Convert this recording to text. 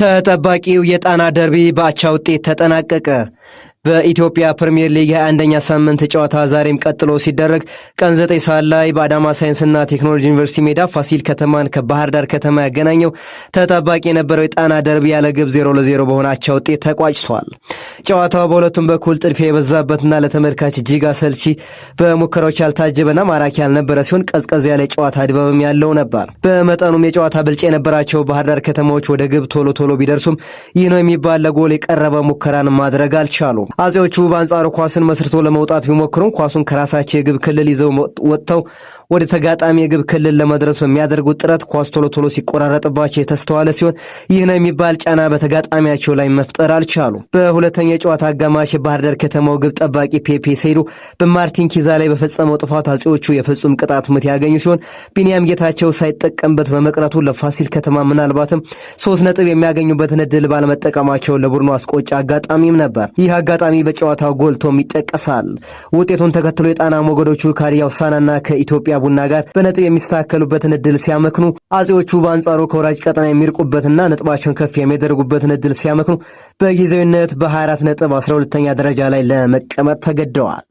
ተጠባቂው የጣና ደርቢ በአቻ ውጤት ተጠናቀቀ። በኢትዮጵያ ፕሪምየር ሊግ የአንደኛ ሳምንት ጨዋታ ዛሬም ቀጥሎ ሲደረግ ቀን ዘጠኝ ሰዓት ላይ በአዳማ ሳይንስና ቴክኖሎጂ ዩኒቨርሲቲ ሜዳ ፋሲል ከተማን ከባህር ዳር ከተማ ያገናኘው ተጠባቂ የነበረው የጣና ደርቢ ያለ ግብ ዜሮ ለዜሮ በሆናቸው ውጤት ተቋጭቷል። ጨዋታው በሁለቱም በኩል ጥድፊያ የበዛበትና ለተመልካች እጅግ አሰልቺ በሙከራዎች ያልታጀበና ማራኪ ያልነበረ ሲሆን ቀዝቀዝ ያለ ጨዋታ ድባብም ያለው ነበር። በመጠኑም የጨዋታ ብልጫ የነበራቸው ባህር ዳር ከተማዎች ወደ ግብ ቶሎ ቶሎ ቢደርሱም ይህ ነው የሚባል ለጎል የቀረበ ሙከራን ማድረግ አልቻሉም። አጼዎቹ በአንጻሩ ኳስን መስርቶ ለመውጣት ቢሞክሩም ኳሱን ከራሳቸው የግብ ክልል ይዘው ወጥተው ወደ ተጋጣሚ የግብ ክልል ለመድረስ በሚያደርጉት ጥረት ኳስ ቶሎ ቶሎ ሲቆራረጥባቸው የተስተዋለ ሲሆን ይህ ነው የሚባል ጫና በተጋጣሚያቸው ላይ መፍጠር አልቻሉ። በሁለተኛ የጨዋታ አጋማሽ የባህር ዳር ከተማው ግብ ጠባቂ ፔፔ ሴዶ በማርቲን ኪዛ ላይ በፈጸመው ጥፋት አጼዎቹ የፍጹም ቅጣት ምት ያገኙ ሲሆን ቢንያም ጌታቸው ሳይጠቀምበት በመቅረቱ ለፋሲል ከተማ ምናልባትም ሶስት ነጥብ የሚያገኙበትን እድል ባለመጠቀማቸው ለቡድኑ አስቆጭ አጋጣሚም ነበር። ይህ አጋጣሚ በጨዋታው ጎልቶም ይጠቀሳል። ውጤቱን ተከትሎ የጣና ሞገዶቹ ከሀዲያ ሆሳዕናና ከኢትዮጵያ ቡና ጋር በነጥብ የሚስተካከሉበትን እድል ሲያመክኑ፣ አጼዎቹ በአንጻሩ ከወራጅ ቀጠና የሚርቁበትና ነጥባቸውን ከፍ የሚያደርጉበትን እድል ሲያመክኑ በጊዜያዊነት በ24 ነጥብ 12ኛ ደረጃ ላይ ለመቀመጥ ተገደዋል።